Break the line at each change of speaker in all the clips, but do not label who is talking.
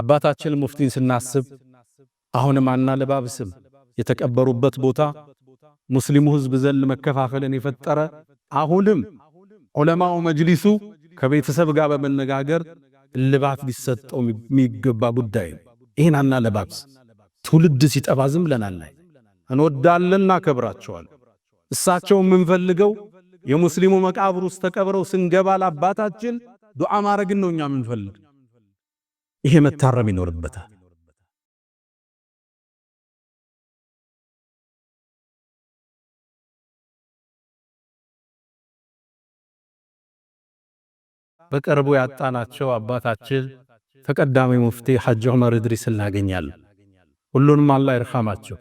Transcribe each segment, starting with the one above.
አባታችን ሙፍቲን ስናስብ አሁንም አናለባብስም። የተቀበሩበት ቦታ ሙስሊሙ ህዝብ ዘንድ መከፋፈልን የፈጠረ አሁንም ዑለማው መጅሊሱ ከቤተሰብ ጋር በመነጋገር እልባት ሊሰጠው የሚገባ ጉዳይ ነው። ይህን አናለባብስ። ትውልድ ሲጠፋ ዝም ብለናል። እንወዳለን፣ እሳቸው የምንፈልገው የሙስሊሙ መቃብር ውስጥ ተቀብረው ስንገባ ለአባታችን ዱዓ ማድረግን ነው እኛ የምንፈልግ ይሄ መታረም ይኖርበታል። በቅርቡ ያጣናቸው አባታችን ተቀዳሚ ሙፍቲ ሐጅ ዑመር እድሪስ እናገኛለን። ሁሉንም አላህ ይርሃማቸው።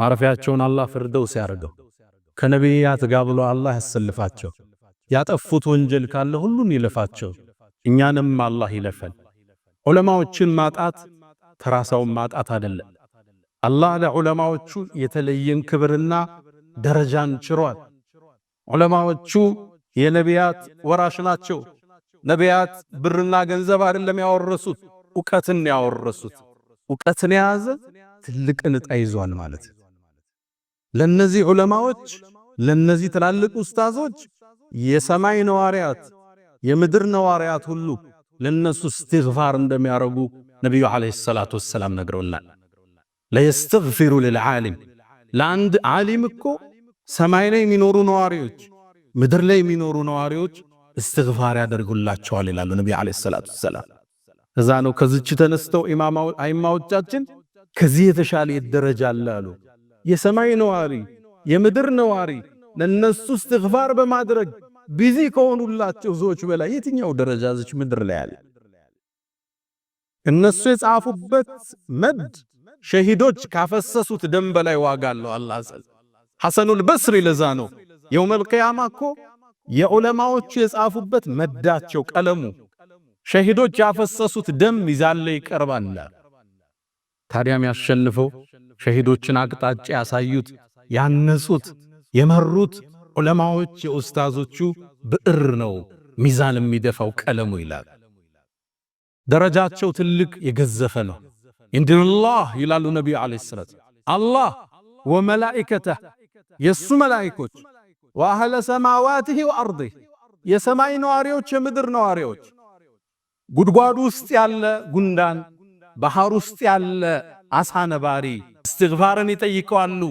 ማረፊያቸውን አላህ ፍርደውስ ያርገው፣ ከነቢያት ጋር ብሎ አላህ ያሰልፋቸው። ያጠፉት ወንጀል ካለ ሁሉን ይለፋቸው፣ እኛንም አላህ ይለፈን። ዑለማዎችን ማጣት ተራ ማጣት አይደለም። አላህ ለዑለማዎቹ የተለየን ክብርና ደረጃን ችሯል። ዑለማዎቹ የነቢያት ወራሽ ናቸው። ነቢያት ብርና ገንዘብ አይደለም ያወረሱት፣ እውቀትን ያወረሱት። እውቀትን የያዘ ትልቅን ዕጣ ይዟል ማለት ለነዚህ ዑለማዎች ለነዚህ ትላልቅ ኡስታዞች የሰማይ ነዋሪያት የምድር ነዋሪያት ሁሉ ለነሱ እስትግፋር እንደሚያደርጉ ነቢዩ ዓለይሂ ሰላቱ ወሰላም ነግረውናል። ለየስተግፊሩ ልልዓሊም ለአንድ ዓሊም እኮ ሰማይ ላይ የሚኖሩ ነዋሪዎች፣ ምድር ላይ የሚኖሩ ነዋሪዎች እስትግፋር ያደርጉላቸዋል ይላሉ ነቢዩ ዓለይሂ ሰላቱ ወሰላም። እዛ ነው ከዚች ተነስተው አይማዎቻችን ከዚህ የተሻለ ደረጃ አሉ። የሰማይ ነዋሪ፣ የምድር ነዋሪ ለነሱ እስትግፋር በማድረግ ቢዚ ከሆኑላቸው ሰዎች በላይ የትኛው ደረጃ ዝች ምድር ላይ አለ? እነሱ የጻፉበት መድ ሸሂዶች ካፈሰሱት ደም በላይ ዋጋ አለው። አላህ ዘል ሐሰኑል በስሪ ለዛ ነው የውመል ቂያማ እኮ የዑለማዎቹ የጻፉበት መዳቸው ቀለሙ ሸሂዶች ያፈሰሱት ደም ይዛለ ይቀርባል። ታዲያም ያሸንፈው ሸሂዶችን አቅጣጫ ያሳዩት ያነጹት የመሩት ዑለማዎች የኡስታዞቹ ብዕር ነው ሚዛን የሚደፋው ቀለሙ ይላል። ደረጃቸው ትልቅ የገዘፈ ነው። እንድንላህ ይላሉ ነቢዩ ዓለይሂ ሰላት አላህ ወመላኢከተህ የእሱ መላኢኮች ወአህለ ሰማዋትህ ወአርድህ የሰማይ ነዋሪዎች የምድር ነዋሪዎች ጉድጓድ ውስጥ ያለ ጉንዳን፣ ባህር ውስጥ ያለ አሳ ነባሪ እስትግፋርን ይጠይቀዋሉ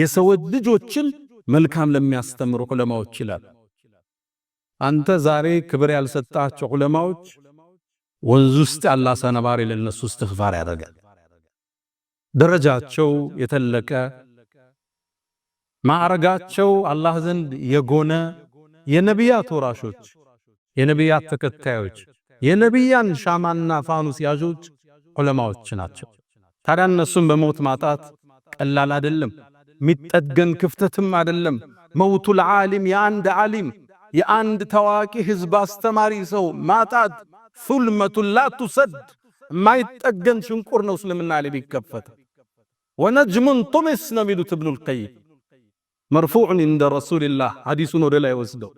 የሰው ልጆችን መልካም ለሚያስተምሩ ዑለማዎች ይላል። አንተ ዛሬ ክብር ያልሰጣቸው ዑለማዎች ወንዝ ውስጥ ያለ ሰነባሪ ለነሱ እስትግፋር ያደርጋል። ደረጃቸው የተለቀ ማዕረጋቸው አላህ ዘንድ የጎነ የነቢያት ወራሾች፣ የነቢያት ተከታዮች፣ የነቢያን ሻማና ፋኑስ ያዦች ዑለማዎች ናቸው። ታዲያ እነሱን በሞት ማጣት ቀላል አይደለም። ሚጠገን ክፍተትም አይደለም። መውቱል ዓሊም የአንድ ዓሊም የአንድ ታዋቂ ህዝብ አስተማሪ ሰው ማጣት ሱልመቱን ላቱሰድ የማይጠገን ሽንቁር ነው። እስልምና ላይ ቢከፈት ወነጅሙን ጡሚስ ነው የሚሉት እብኑል ቀይም መርፉዕን እንደ ረሱልላህ ሐዲሱን ወደ ላይ ወስደው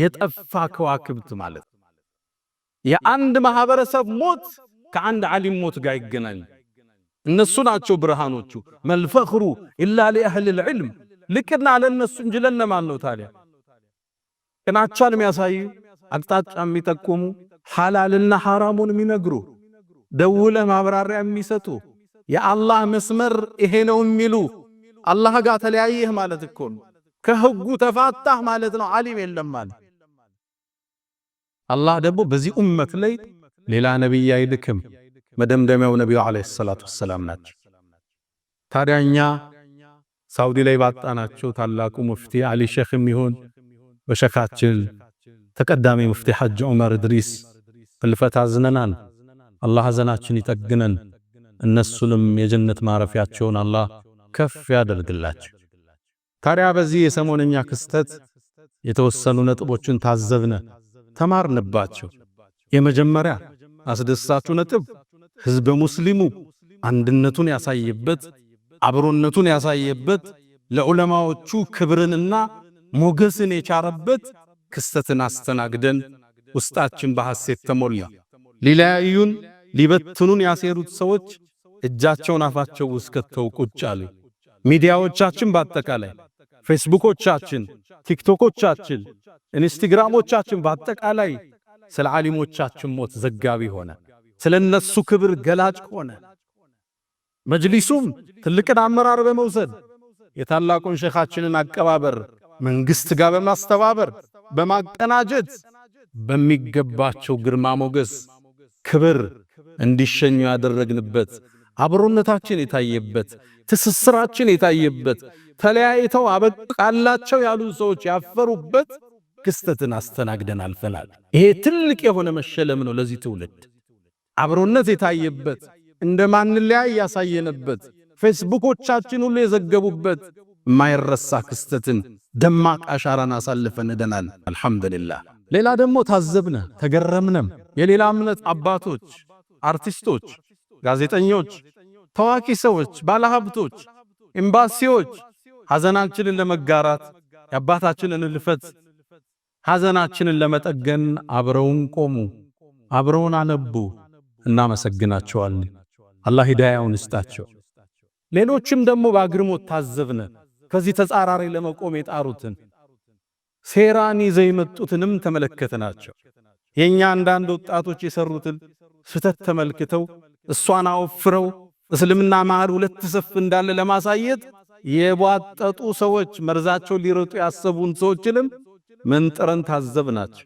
የጠፋ ከዋክብት ማለት የአንድ ማህበረሰብ ሞት ከአንድ ዓሊም ሞት ጋር ይገናኝ እነሱ ናቸው ብርሃኖቹ። መልፈኽሩ ኢላ ሊአህሊል ዒልም ልቅና ለእነሱ እንጂ ለነማን ነው ታዲያ? ቅናቻን የሚያሳዩ አቅጣጫ የሚጠቁሙ ሐላልና ሐራሙን የሚነግሩ ደውለህ ማብራሪያ የሚሰጡ የአላህ መስመር ይሄ ነው የሚሉ አላህ ጋር ተለያየህ ማለት እኮ ነው። ከህጉ ተፋታህ ማለት ነው። ዓሊም የለም ማለት አላህ ደግሞ በዚህ ኡመት ላይ ሌላ ነብይ አይልክም። መደምደሚያው ነቢዩ ዓለይሂ ሰላቱ ወሰላም ናቸው። ታዲያ እኛ ሳውዲ ላይ ባጣናቸው ታላቁ ሙፍቲ አሊ ሼኽም ይሁን በሸካችን ተቀዳሚ ሙፍቲ ሐጅ ዑመር እድሪስ ህልፈት አዝነናል። አላህ ሐዘናችን ይጠግነን። እነሱንም የጀነት ማረፊያቸውን አላህ ከፍ ያደርግላቸው። ታዲያ በዚህ የሰሞነኛ ክስተት የተወሰኑ ነጥቦችን ታዘብነ፣ ተማርንባቸው። የመጀመሪያ አስደሳቹ ነጥብ ህዝበ ሙስሊሙ አንድነቱን ያሳየበት፣ አብሮነቱን ያሳየበት፣ ለዑለማዎቹ ክብርንና ሞገስን የቻረበት ክስተትን አስተናግደን ውስጣችን በሐሴት ተሞላ። ሊለያዩን ሊበትኑን ያሴሩት ሰዎች እጃቸውን አፋቸው ውስጥ ከተው ቁጭ አሉ። ሚዲያዎቻችን በአጠቃላይ ፌስቡኮቻችን፣ ቲክቶኮቻችን፣ ኢንስታግራሞቻችን በአጠቃላይ ስለ ዓሊሞቻችን ሞት ዘጋቢ ሆነ። ስለ እነሱ ክብር ገላጭ ሆነ። መጅሊሱም ትልቅን አመራር በመውሰድ የታላቁን ሼኻችንን አቀባበር መንግስት ጋር በማስተባበር በማቀናጀት በሚገባቸው ግርማ ሞገስ ክብር እንዲሸኙ ያደረግንበት አብሮነታችን የታየበት ትስስራችን የታየበት ተለያይተው አበቃላቸው ያሉ ሰዎች ያፈሩበት ክስተትን አስተናግደን አልፈናል። ይሄ ትልቅ የሆነ መሸለም ነው ለዚህ ትውልድ። አብሮነት የታየበት እንደ ማንለያይ ያሳየነበት ፌስቡኮቻችን ሁሉ የዘገቡበት የማይረሳ ክስተትን ደማቅ አሻራን አሳልፈን እደናል። አልሐምዱሊላህ። ሌላ ደግሞ ታዘብነ፣ ተገረምነም። የሌላ እምነት አባቶች፣ አርቲስቶች፣ ጋዜጠኞች፣ ታዋቂ ሰዎች፣ ባለሀብቶች፣ ኤምባሲዎች ሐዘናችንን ለመጋራት የአባታችንን እልፈት ሐዘናችንን ለመጠገን አብረውን ቆሙ፣ አብረውን አነቡ። እናመሰግናቸዋለን። አላህ ሂዳያውን ይስጣቸው። ሌሎችም ደግሞ በአግርሞት ታዘብነ ከዚህ ተጻራሪ ለመቆም የጣሩትን ሴራን ይዘው የመጡትንም ተመለከትናቸው። የእኛ አንዳንድ ወጣቶች የሰሩትን ስህተት ተመልክተው እሷን አወፍረው እስልምና መሃል ሁለት ሰፍ እንዳለ ለማሳየት የቧጠጡ ሰዎች መርዛቸው ሊረጡ ያሰቡን ሰዎችንም መንጠረን ታዘብናቸው።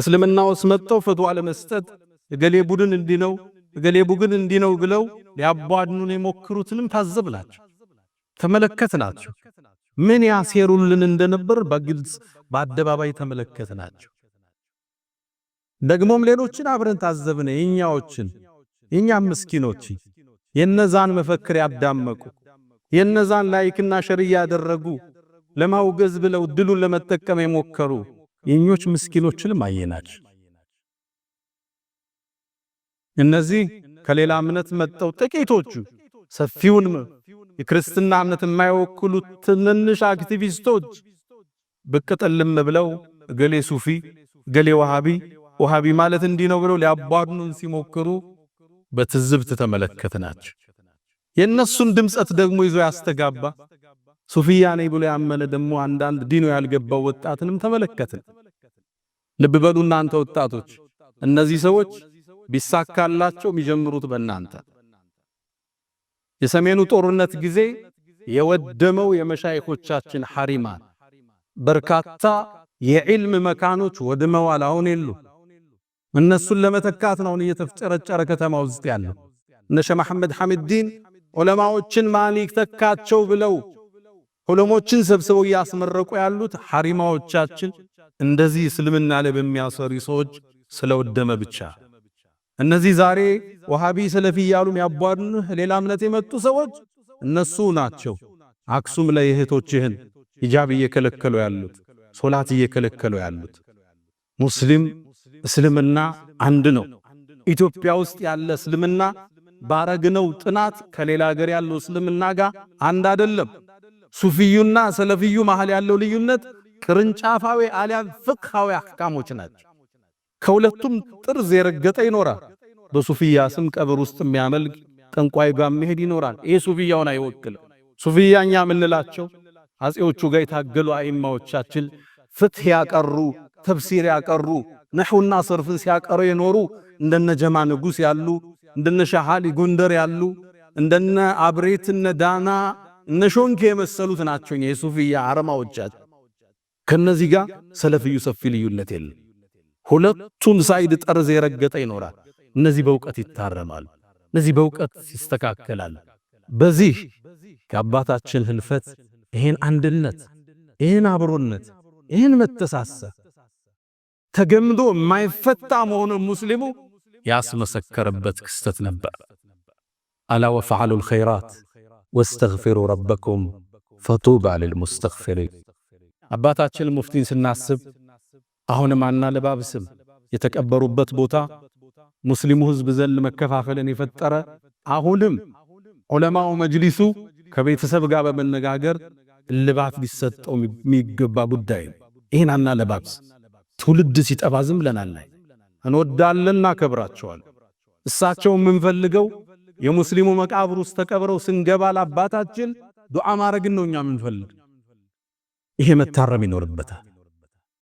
እስልምና ውስጥ መጥተው ፈትዋ ለመስጠት እገሌ ቡድን እንዲህ ነው፣ እገሌ ቡድን እንዲህ ነው ብለው ሊያባድኑን የሞክሩትንም ታዘብናቸው፣ ተመለከትናቸው። ምን ያሴሩልን እንደነበር በግልጽ በአደባባይ ተመለከትናቸው። ደግሞም ሌሎችን አብረን ታዘብነ፣ የኛዎችን የኛም ምስኪኖች የነዛን መፈክር ያዳመቁ የነዛን ላይክና ሸር ያደረጉ ለማውገዝ ብለው ድሉን ለመጠቀም የሞከሩ የኞች ምስኪኖችንም አየናቸው። እነዚህ ከሌላ እምነት መጠው ጥቂቶቹ ሰፊውን የክርስትና እምነት የማይወክሉ ትንንሽ አክቲቪስቶች ብቅ ጥልም ብለው እገሌ ሱፊ፣ እገሌ ወሃቢ፣ ወሃቢ ማለት እንዲህ ነው ብለው ሊያባዱን ሲሞክሩ በትዝብት ተመለከትናቸው። የእነሱን ድምፀት ደግሞ ይዞ ያስተጋባ ሱፊያ ነኝ ብሎ ያመነ ደግሞ አንዳንድ ዲኖ ያልገባው ወጣትንም ተመለከትን። ልብ በሉ እናንተ ወጣቶች እነዚህ ሰዎች ቢሳካላቸው የሚጀምሩት በእናንተ የሰሜኑ ጦርነት ጊዜ የወደመው የመሻይኮቻችን ሐሪማን በርካታ የዕልም መካኖች ወድመዋል። አሁን የሉ። እነሱን ለመተካት ነው እየተፍጨረጨረ ከተማ ውስጥ ያለው። እነሸ መሐመድ ሐሚድዲን ዑለማዎችን ማሊክ ተካቸው ብለው ዑለሞችን ሰብስበው እያስመረቁ ያሉት ሐሪማዎቻችን እንደዚህ እስልምና ላይ በሚያሰሪ ሰዎች ስለወደመ ብቻ እነዚህ ዛሬ ወሃቢ ሰለፊ እያሉ የሚያቧድኑህ ሌላ እምነት የመጡ ሰዎች እነሱ ናቸው። አክሱም ላይ እህቶችህን ሂጃብ እየከለከሉ ያሉት፣ ሶላት እየከለከሉ ያሉት። ሙስሊም እስልምና አንድ ነው። ኢትዮጵያ ውስጥ ያለ እስልምና ባረግነው ጥናት ከሌላ ሀገር ያለው እስልምና ጋር አንድ አይደለም። ሱፊዩና ሰለፊዩ መሃል ያለው ልዩነት ቅርንጫፋዊ አሊያን ፍቅሃዊ አህካሞች ናቸው። ከሁለቱም ጥርዝ የረገጠ ይኖራል። በሱፊያ ስም ቀብር ውስጥ የሚያመልክ ጠንቋይ ጋር መሄድ ይኖራል። ይህ ሱፊያውን አይወክልም። ሱፊያ የምንላቸው አጼዎቹ ጋር የታገሉ አይማዎቻችን ፍትህ ያቀሩ፣ ተፍሲር ያቀሩ፣ ነሑና ሰርፍን ሲያቀሩ የኖሩ እንደነ ጀማ ንጉስ ያሉ እንደነ ሻሃሊ ጎንደር ያሉ እንደነ አብሬት ዳና እነ ሾንኬ የመሰሉት ናቸው። የሱፊያ አረማዎቻት ከነዚህ ጋር ሰለፍዩ ሰፊ ልዩነት የለም። ሁለቱን ሳይድ ጠርዝ የረገጠ ይኖራል። እነዚህ በእውቀት ይታረማል። እነዚህ በእውቀት ይስተካከላል። በዚህ ከአባታችን ህልፈት ይህን አንድነት፣ ይህን አብሮነት፣ ይህን መተሳሰብ ተገምዶ የማይፈታ መሆኑ ሙስሊሙ ያስመሰከረበት ክስተት ነበር። አላ ወፈዓሉ ልኸይራት ወስተግፊሩ ረበኩም ፈቱባ ልልሙስተግፊሪን። አባታችን ሙፍቲን ስናስብ አሁንም አናለባብስም። የተቀበሩበት ቦታ ሙስሊሙ ህዝብ ዘንድ መከፋፈልን የፈጠረ አሁንም ዑለማው መጅሊሱ ከቤተሰብ ጋር በመነጋገር እልባት ሊሰጠው የሚገባ ጉዳይ ነው። ይህን ለባብስ ትውልድ ሲጠፋ ዝም ብለናል። እንወዳለን፣ እናከብራቸዋል። እሳቸው የምንፈልገው የሙስሊሙ መቃብር ውስጥ ተቀብረው ስንገባ ለአባታችን ዱዓ ማረግን ነው እኛ የምንፈልግ። ይሄ መታረም ይኖርበታል።